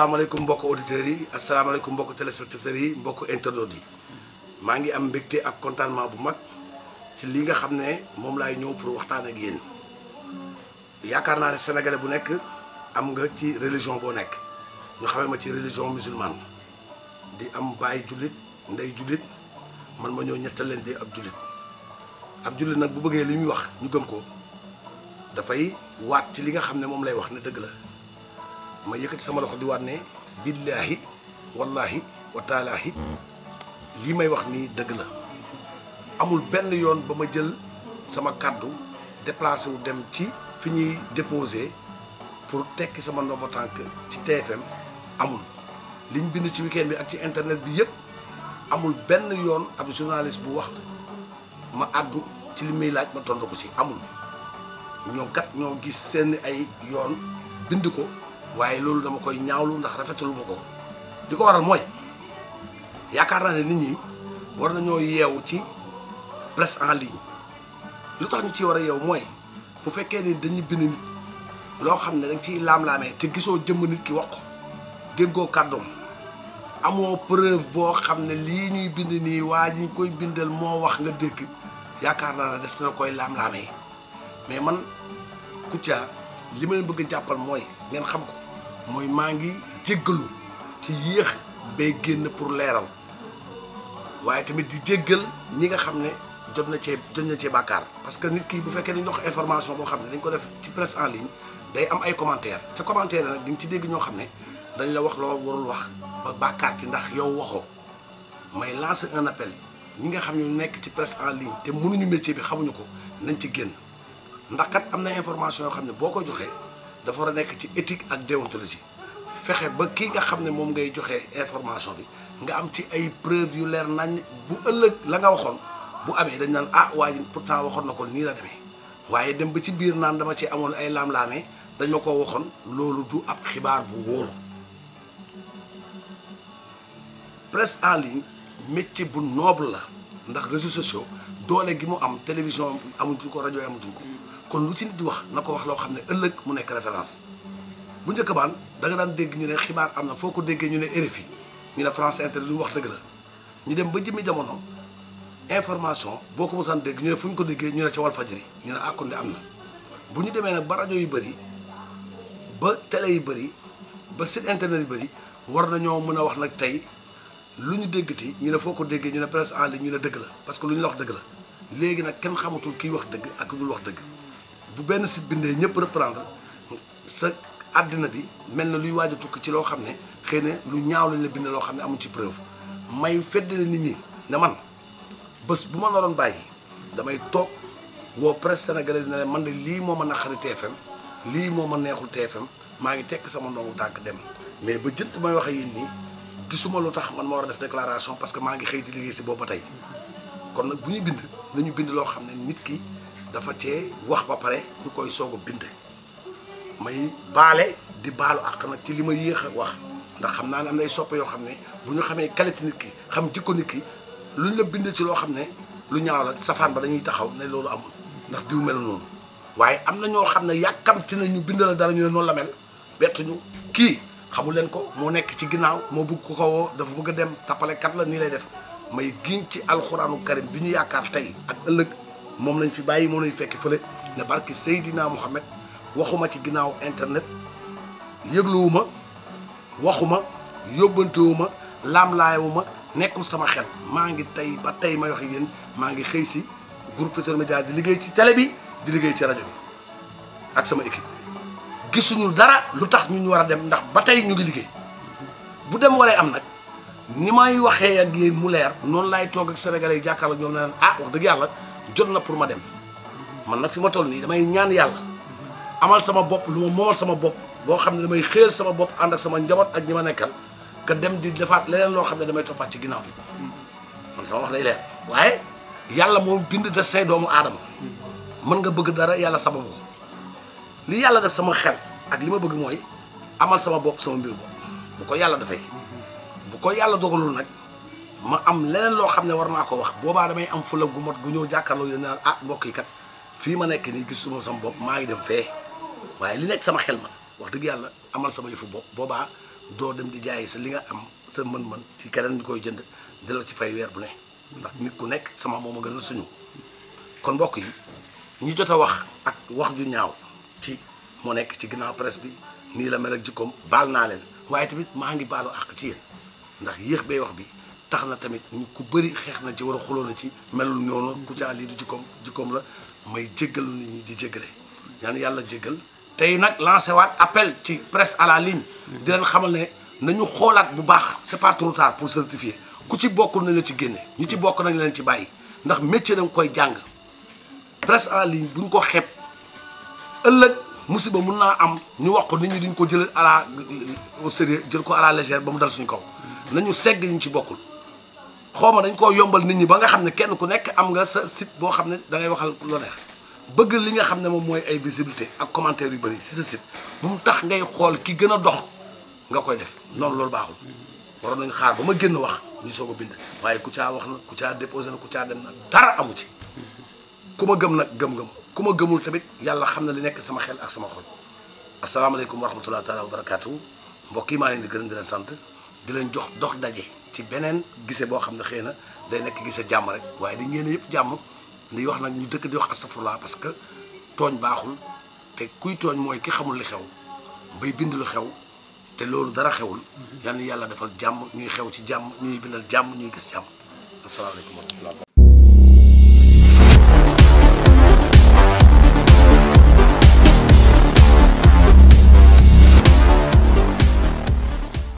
asalaamaaleykum mbokk auditeurs yi asalaamaaleykum mbokk téléspectateurs yi mbokk internautes yi maa ngi am mbégte ak contentement bu mag ci li nga xam ne moom laay ñëw pour waxtaan ak yéen yaakaar naa ne sénégalais bu nekk am nga ci religion boo nekk ñu xamee ma ci religion musulmane di am baay jullit ndey jullit man ma ñëw ñettal leen di ab jullit ab jullit nag bu bëggee li ñuy wax ñu gëm ko dafay waat ci li nga xam ne moom lay wax ne dëgg la ma yëkkati sama loxo di waat ne billaahi wallaahi wa lii may wax nii dëgg la amul benn yoon ba ma jël sama kàddu déplacé wu dem ci fi ñuy déposé pour tekki sama ndombo ci TFM amul liñ bind ci weekend bi ak ci internet bi yëpp amul benn yoon ab journaliste bu wax ma àddu ci li muy laaj ma tontu ko ci amul ñoom kat ñoo gis seen ay yoon bind ko waaye loolu dama koy ñaawlu ndax rafetalu ma ko di ko waral mooy yaakaar naa ne nit ñi war nañoo yeewu ci presse en ligne lu tax ñu ciy war a yeewu mooy bu fekkee ni dañuy bind nit loo xam ne dañ ciy laam-laamee te gisoo jëmm nit ki wax ko déggoo kàddoom amoo preuve boo xam ne lii ñuy bind nii waa ñu koy bindal moo wax nga dégg yaakaar naa ne des na koy laam-laamee mais man ku ca li ma leen bëgg jàppal mooy ngeen xam ko. mooy maa ngi jéggalu ci yéex bay génn pour leeral waaye tamit di jéggal ñi nga xam ne jot na cee jot na cee bàkkaar parce que nit kii bu fekkee dañ jox information boo xam ne dañ ko def ci presse en ligne day am ay commentaire te commentaire nag di nga ci dégg ñoo xam ne dañ la wax loo warul wax ba bàkkaar ci ndax yow waxoo may lancer en appel ñi nga xam ne ñu nekk ci presse en ligne te mënuñu métier bi xamuñu ko nañ ci génn ndax kat am na information yoo xam ne boo ko joxee dafa war a nekk ci éthique ak déontologie fexe ba kii nga xam ne moom ngay joxe information bi nga am ci ay preuve yu leer nañ bu ëllëg la nga waxoon bu amee dañ naan ah waa ji pourtant waxoon na ko nii la demee waaye dem ba ci biir naan dama ci amoon ay laam-laamee dañ ma ko waxoon loolu du ab xibaar bu wóor presse en ligne métier bu noble la ndax réseaux sociaux doole gi mu am télévision amuñ ko rajo amatuñ ko kon lu ci nit di wax na ko wax loo xam ne ëllëg mu nekk référence bu njëkk baan danga daan dégg ñu ne xibaar am na foo ko déggee ñu ne RFI ñu ne France Inter lu mu wax dëgg la ñu dem ba jëmmi jamono information boo ko mosaan dégg ñu ne fu ñu ko déggee ñu ne ca Walfadjri ñu ne àkkonde ah am na bu ñu demee nag ba rajo yi bari ba tele yu bëri ba site internet yu bëri war nañoo mën a wax nag tey lu ñu déggati ñu ne foo ko déggee ñu ne presse en ligne ñu ne dëgg la parce que lu ñu wax dëgg la léegi nag xamatul kiy wax dëgg ak wax dëgg bu benn site bindee ñëpp reprendre sa àddina bi mel na luy waaj tukki ci loo xam ne xëy na lu ñaaw lañ la bind loo xam ne amuñ ci preuve may feddale nit ñi ne man bés bu ma naroon bàyyi damay toog woo presse sénégalaise ne man de lii moo a naqari TFM lii moom ma neexul TFM maa ngi tekk sama ndongu tànk dem mais ba jënt may wax ak yéen nii gisuma lu tax man ma war a def déclaration parce que maa ngi xëy di liggéey si boobu ba tey kon nag bu ñuy bind nañu bind loo xam ne nit ki. dafa cee wax ba pare ñu koy soog a bind may baale di baalu àq nag ci li ma yéex a wax ndax xam naa ne am nay soppe yoo xam ne bu ñu xamee qualité nit ki xam jikko nit ki luñ la bind ci loo xam ne lu ñaaw la safaan ba dañuy taxaw ne loolu amul ndax diw melu noonu waaye am na ñoo xam ne yàkkamti na ñu bind la dara ñu ne noonu la mel bettu kii xamu leen ko moo nekk ci ginnaaw moo bëgg ko woo dafa bëgg a dem tappalekat la nii lay def may giñ ci alxuraanu karim bi ñu yaakaar tey ëllëg mom lañ fi bàyyi moom lañ fekk fële ne barki sayidina muhammad waxuma ci ginaaw internet yëgluwuma waxuma lam laamlaayewuma nekkul sama xel maa ngi tey ba tay may wax yéen maa ngi xëy ci groupe Futurs media di liggey ci télé bi di liggey ci radio bi ak sama équipe gisuñu dara lutax ñu wara dem ndax ba tay ñu ngi liggey bu dem waree am nak ni may waxé ak yéen mu leer non lay tok ak sénégalais jakkal ak ñom naan ah wax deug yàlla jot na pour ma dem man nag fi ma toll nii damay ñaan yàlla amal sama bopp lu ma moomal sama bopp boo xam ne damay xéel sama bopp ànd ak sama njaboot ak ñi ma nekkal que dem di defaat leneen loo xam ne damay toppaat ci ginnaaw bi man sama wax lay leer waaye yàlla moom bind de say doomu aadama mën nga bëgg dara yàlla sama ko li yàlla def sama xel ak li ma bëgg mooy amal sama bopp sama mbir bopp bu ko yàlla dafay bu yàlla dogalul nag ma am leneen loo xam ne war naa ko wax boobaa damay am fula gu mot gu ñëw jàkkaarloo yéen naan ah mbokk yi kat fii ma nekk ni gis suma sama bopp maa ngi dem fee waaye li nekk sama xel ma wax dëgg yàlla amal sama yëfu bopp boobaa doo dem di jaayi sa li nga am sa mën-mën ci keneen bi koy jënd di la ci fay weer bu ne ndax nit ku nekk sama moom a gënal suñu kon mbokk yi ñu jot a wax ak wax ju ñaaw ci moo nekk ci ginnaaw presse bi nii la mel ak jikkoom baal naa leen waaye tamit maa ngi baalu àq ci ndax yéex wax bi tax na tamit ko bëri xeex na ci war a xuloo na ci melul noonu ku caa lii du jikkoom jikkoom la may jéggalu nit ñi di jéggale ñaan yàlla jéggal tey nag lancé waat appel ci presse à la ligne mm-hmm. di leen xamal ne na ñu xoolaat bu baax c'est pas trop tard pour certifier ku ci bokkul nañ la ci génne ñi ci bokk nañ leen ci bàyyi ndax métier da koy jàng presque à ligne buñ ko xep ëllëg musiba mun naa am ñu wax ko nit ñi duñ ko jël à la au sérieux jël ko à ba mu dal suñ kaw mm-hmm. nañu segg ñu ci bokkul xaw ma dañ koo yombal nit ñi ba nga xam ne kenn ku nekk am nga sa sit boo xam ne dangay ngay waxal lu bëgg li nga xam ne moom mooy ay visibilité ak commentaire yu bëri si sa site mu tax ngay xool ki gën a dox nga koy def noonu loolu baaxul waroon nañ xaar ba ma génn wax ñu soog a bind waaye ku caa wax na ku caa déposé na ku caa dem na dara amu ci ku ma gëm nag gëm nga ma ku ma gëmul tamit yàlla xam ne li nekk sama xel ak sama xol asalaamaaleykum wa rahmatulah taala wa barakaatu mbokk yi maa leen di gërëm di sant di leen jox dox daje. ci beneen gise boo xam ne xëy na day nekk gise jàmm rek waaye di yéene yëpp jàmm di wax nag ñu dëkk di wax ak astafurlaa parce que tooñ baaxul te kuy tooñ mooy ki xamul li xew bay bind lu xew te loolu dara xewul mm-hmm. yan yàlla defal jàmm ñuy xew ci jàmm ñuy bindal jàmm ñuy gis jàmm asalaamaaleykum wa rahmatulah